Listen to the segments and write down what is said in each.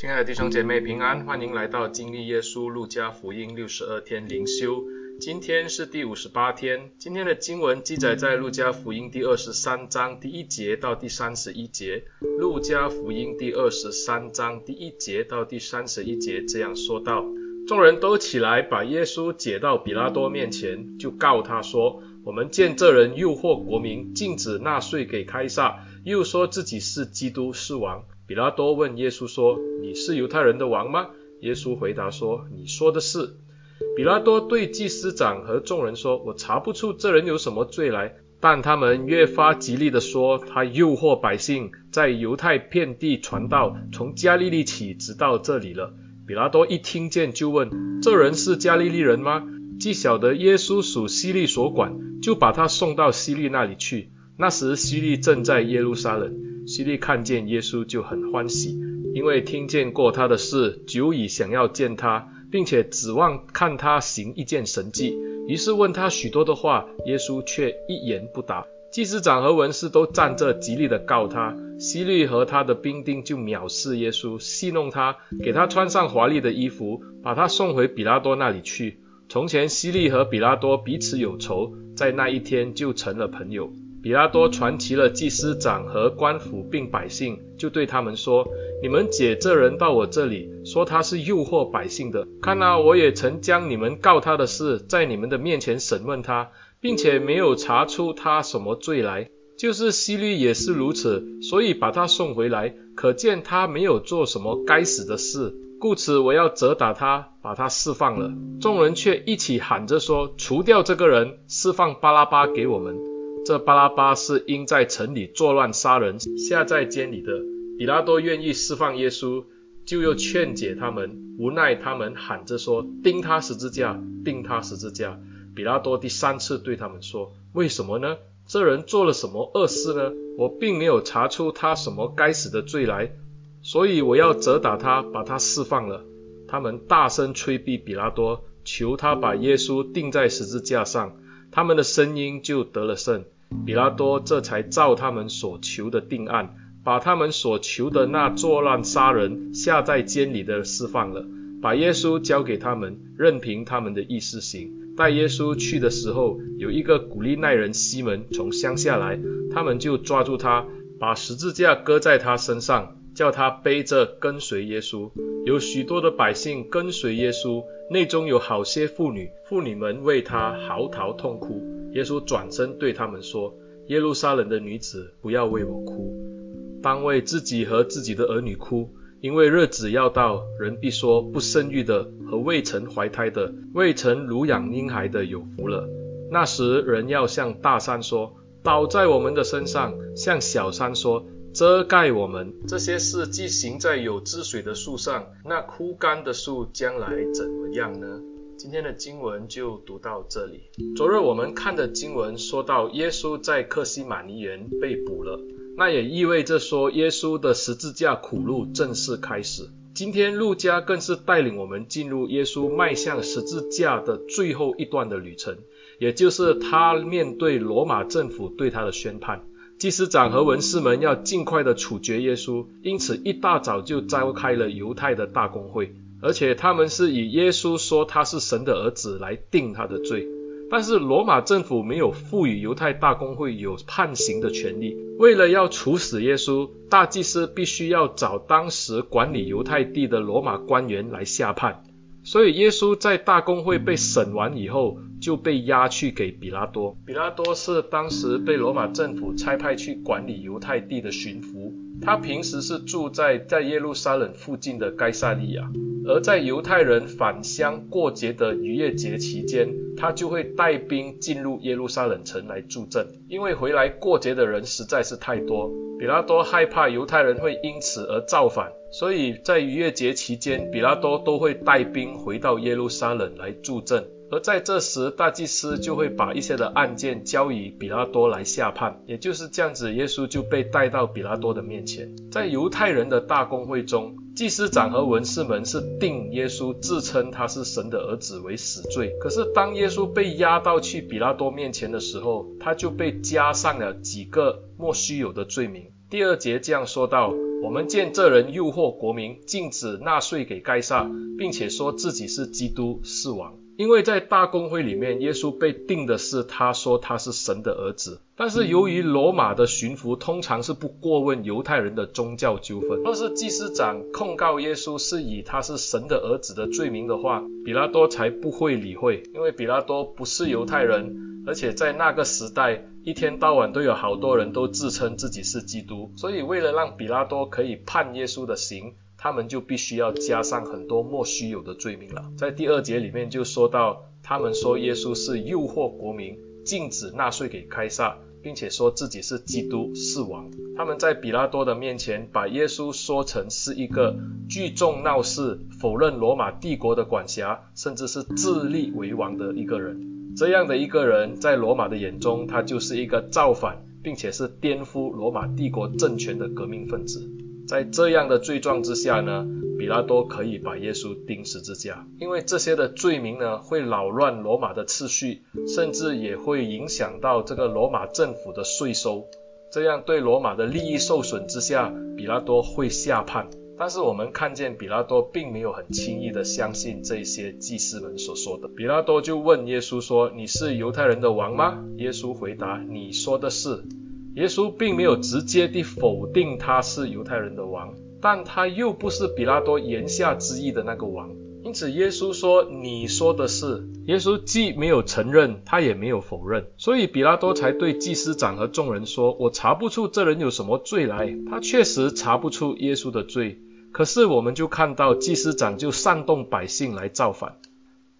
親愛的弟兄姐妹平安，歡迎來到經歷耶穌路加福音六十二天靈修。今天是第五十八天。今天的經文記載在路加福音第二十三章第一節到第三十一節。路加福音第二十三章第一節到第三十一節這樣說道：眾人都起來，把耶穌解到彼拉多面前，就告他說：我們見這人誘惑國民，禁止納稅給該撒，又說自己是基督，是王。彼拉多問耶穌說：“你是猶太人的王嗎？”耶穌回答說：“你說的是。”彼拉多對祭司長和眾人說：“我查不出這人有什麼罪來，但他們越發極力的說，他誘惑百姓，在猶太遍地傳道，從加利利起直到這裡了。”彼拉多一聽見就問：“這人是加利利人嗎？”既曉得耶穌屬希律所管，就把他送到希律那裡去。那時希律正在耶路撒冷。希律看見耶穌就很歡喜，因為聽見過他的事，久已想要見他，並且指望看他行一件神蹟，於是問他許多的話，耶穌卻一言不答。祭司長和文士都站着極力的告他，希律和他的兵丁就藐視耶穌，戲弄他，給他穿上華麗的衣服，把他送回彼拉多那裡去。從前希律和彼拉多彼此有仇，在那一天就成了朋友。彼拉多傳齊了祭司長和官府並百姓，就對他們說：“你們解這人到我這裡，說他是誘惑百姓的。看哪，我也曾將你們告他的事，在你們的面前審問他，並且沒有查出他什麼罪來，就是希律也是如此，所以把他送回來。可見他沒有做什麼該死的事，故此我要責打他，把他釋放了。”眾人卻一起喊着說：“除掉這個人，釋放巴拉巴給我們。”這巴拉巴是因在城裡作亂殺人，下在監裡的。彼拉多願意釋放耶穌，就又勸解他們。無奈他們喊着說：“釘他十字架，釘他十字架！”彼拉多第三次對他們說：“為什麼呢？這人做了什麼惡事呢？我並沒有查出他什麼該死的罪來，所以我要責打他，把他釋放了。”他們大聲催逼彼拉多，求他把耶穌釘在十字架上。他們的聲音就得了勝，彼拉多這才照他們所求的定案，把他們所求的那作亂殺人下在監裡的釋放了，把耶穌交給他們，任憑他們的意思行。帶耶穌去的時候，有一個古利奈人西門從鄉下來，他們就抓住他，把十字架擱在他身上。叫他背着跟隨耶穌，有許多的百姓跟隨耶穌，內中有好些婦女，婦女們為他嚎啕痛哭。耶穌轉身對他們說：“耶路撒冷的女子，不要為我哭，當為自己和自己的兒女哭，因為日子要到，人必說不生育的和未曾懷胎的、未曾乳養嬰孩的有福了。那時人要向大山說，倒在我們的身上；向小山說，遮蓋我們。這些事既行在有汁水的樹上，那枯乾的樹將來怎麼樣呢？今天的經文就讀到這裡。昨日我們看的經文說到耶穌在客西馬尼園被捕了，那也意味着說耶穌的十字架苦路正式開始。今天路加更是帶領我們進入耶穌邁向十字架的最後一段的旅程，也就是他面對羅馬政府對他的宣判。祭司長和文士們要盡快的處決耶穌，因此一大早就召開了猶太的大公會，而且他們是以耶穌說他是神的兒子來定他的罪。但是羅馬政府沒有賦予猶太大公會有判刑的權利，為了要處死耶穌，大祭司必須要找當時管理猶太地的羅馬官員來下判。所以耶穌在大公會被審完以後，就被押去給比拉多。比拉多是當時被羅馬政府差派去管理猶太地的巡撫。他平時是住在在耶路撒冷附近的該撒利亞，而在猶太人返鄉過節的逾越節期間，他就會帶兵進入耶路撒冷城來駐鎮，因為回來過節的人實在是太多，彼拉多害怕猶太人會因此而造反，所以在逾越節期間，彼拉多都會帶兵回到耶路撒冷來駐鎮。而在這時，大祭司就會把一些的案件交予彼拉多來下判，也就是這樣子，耶穌就被帶到彼拉多的面前。在猶太人的大公會中，祭司長和文士們是定耶穌自稱他是神的兒子為死罪。可是當耶穌被押到去彼拉多面前的時候，他就被加上了幾個莫須有的罪名。第二節這樣說道：「我們見這人誘惑國民，禁止納稅給該撒，並且說自己是基督，是王。」因為在大公會裡面，耶穌被定的是他說他是神的兒子。但是由於羅馬的巡撫通常是不過問猶太人的宗教糾紛，若是祭司長控告耶穌是以他是神的兒子的罪名的話，彼拉多才不會理會，因為彼拉多不是猶太人，而且在那個時代，一天到晚都有好多人都自稱自己是基督，所以為了讓彼拉多可以判耶穌的刑。他們就必須要加上很多莫須有的罪名了。在第二節裡面就說到，他們說耶穌是誘惑國民，禁止納稅給該撒，並且說自己是基督，是王。他們在彼拉多的面前，把耶穌說成是一個聚眾鬧事、否認羅馬帝國的管轄，甚至是自立為王的一個人。這樣的一個人，在羅馬的眼中，他就是一個造反，並且是顛覆羅馬帝國政權的革命分子。在這樣的罪狀之下呢，彼拉多可以把耶穌釘十字架，因為這些的罪名呢，會擾亂羅馬的次序，甚至也會影響到這個羅馬政府的稅收，這樣對羅馬的利益受損之下，彼拉多會下判。但是我們看見彼拉多並沒有很輕易的相信這些祭司們所說的，彼拉多就問耶穌說：“你是猶太人的王嗎？”耶穌回答：“你說的是。”耶穌並沒有直接地否定他是猶太人的王，但他又不是彼拉多言下之意的那個王，因此耶穌說：“你說的是。”耶穌既沒有承認，他也沒有否認，所以彼拉多才對祭司長和眾人說：“我查不出這人有什麼罪來。”他確實查不出耶穌的罪，可是我們就看到祭司長就煽動百姓來造反，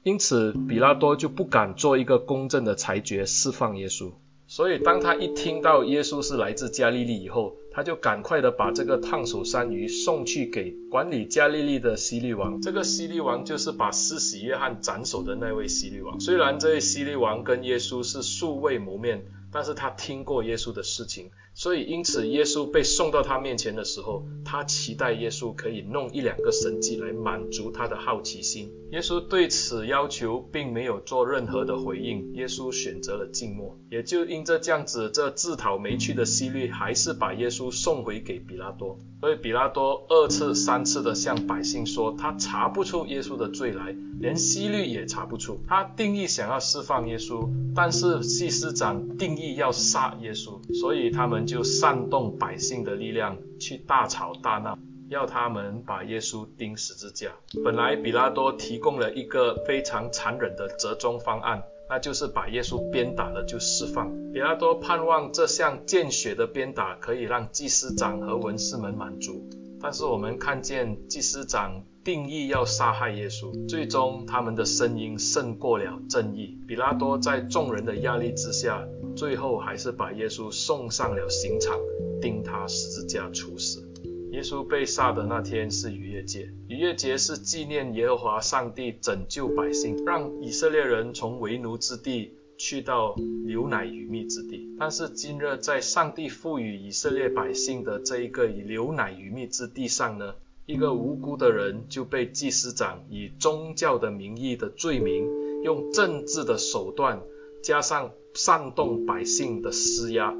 因此彼拉多就不敢做一個公正的裁決，釋放耶穌。所以，當他一聽到耶穌是來自加利利以後，他就趕快的把這個燙手山芋送去給管理加利利的希律王。這個希律王就是把施洗約翰斬首的那位希律王。雖然這位希律王跟耶穌是素未謀面。但是他聽過耶穌的事情，所以因此耶穌被送到他面前的時候，他期待耶穌可以弄一兩個神蹟來滿足他的好奇心。耶穌對此要求並沒有做任何的回應，耶穌選擇了靜默。也就因著這樣子，這自討沒趣的犀利希律，還是把耶穌送回給彼拉多，所以彼拉多二次三次的向百姓說，他查不出耶穌的罪來。連希律也查不出，他定意想要釋放耶穌，但是祭司長定意要殺耶穌，所以他們就煽動百姓的力量去大吵大鬧，要他們把耶穌釘十字架。本來彼拉多提供了一個非常殘忍的折中方案，那就是把耶穌鞭打了就釋放。彼拉多盼望這項見血的鞭打可以讓祭司長和文士們滿足，但是我們看見祭司長。定意要殺害耶穌，最終他們的聲音勝過了正義。彼拉多在眾人的壓力之下，最後還是把耶穌送上了刑場，釘他十字架處死。耶穌被殺的那天是逾越節，逾越節是紀念耶和華上帝拯救百姓，讓以色列人從為奴之地去到流奶與蜜之地。但是今日在上帝賦予以色列百姓的這一個流奶與蜜之地上呢？一個無辜的人就被祭司長以宗教的名義的罪名，用政治的手段加上煽動百姓的施壓，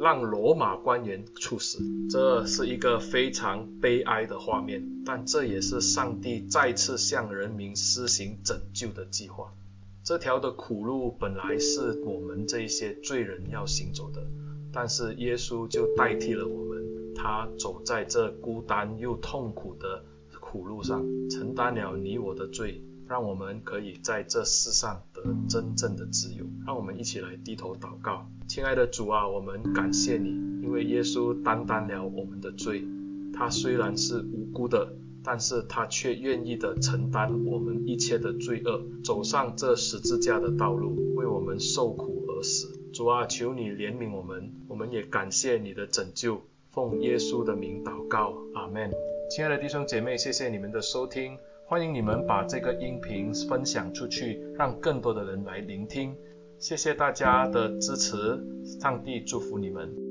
讓羅馬官員處死。這是一個非常悲哀的畫面，但這也是上帝再次向人民施行拯救的計劃。這條的苦路本來是我們這些罪人要行走的，但是耶穌就代替了我們。他走在這孤單又痛苦的苦路上，承擔了你我的罪，讓我們可以在這世上得真正的自由。讓我們一起來低頭禱告，親愛的主啊，我們感謝你，因為耶穌擔當了我們的罪。他雖然是無辜的，但是他卻願意的承擔我們一切的罪惡，走上這十字架的道路，為我們受苦而死。主啊，求你憐憫我們，我們也感謝你的拯救。奉耶穌的名禱告，阿門。親愛的弟兄姐妹，謝謝你們的收聽，歡迎你們把這個音頻分享出去，讓更多的人來聆聽。謝謝大家的支持，上帝祝福你們。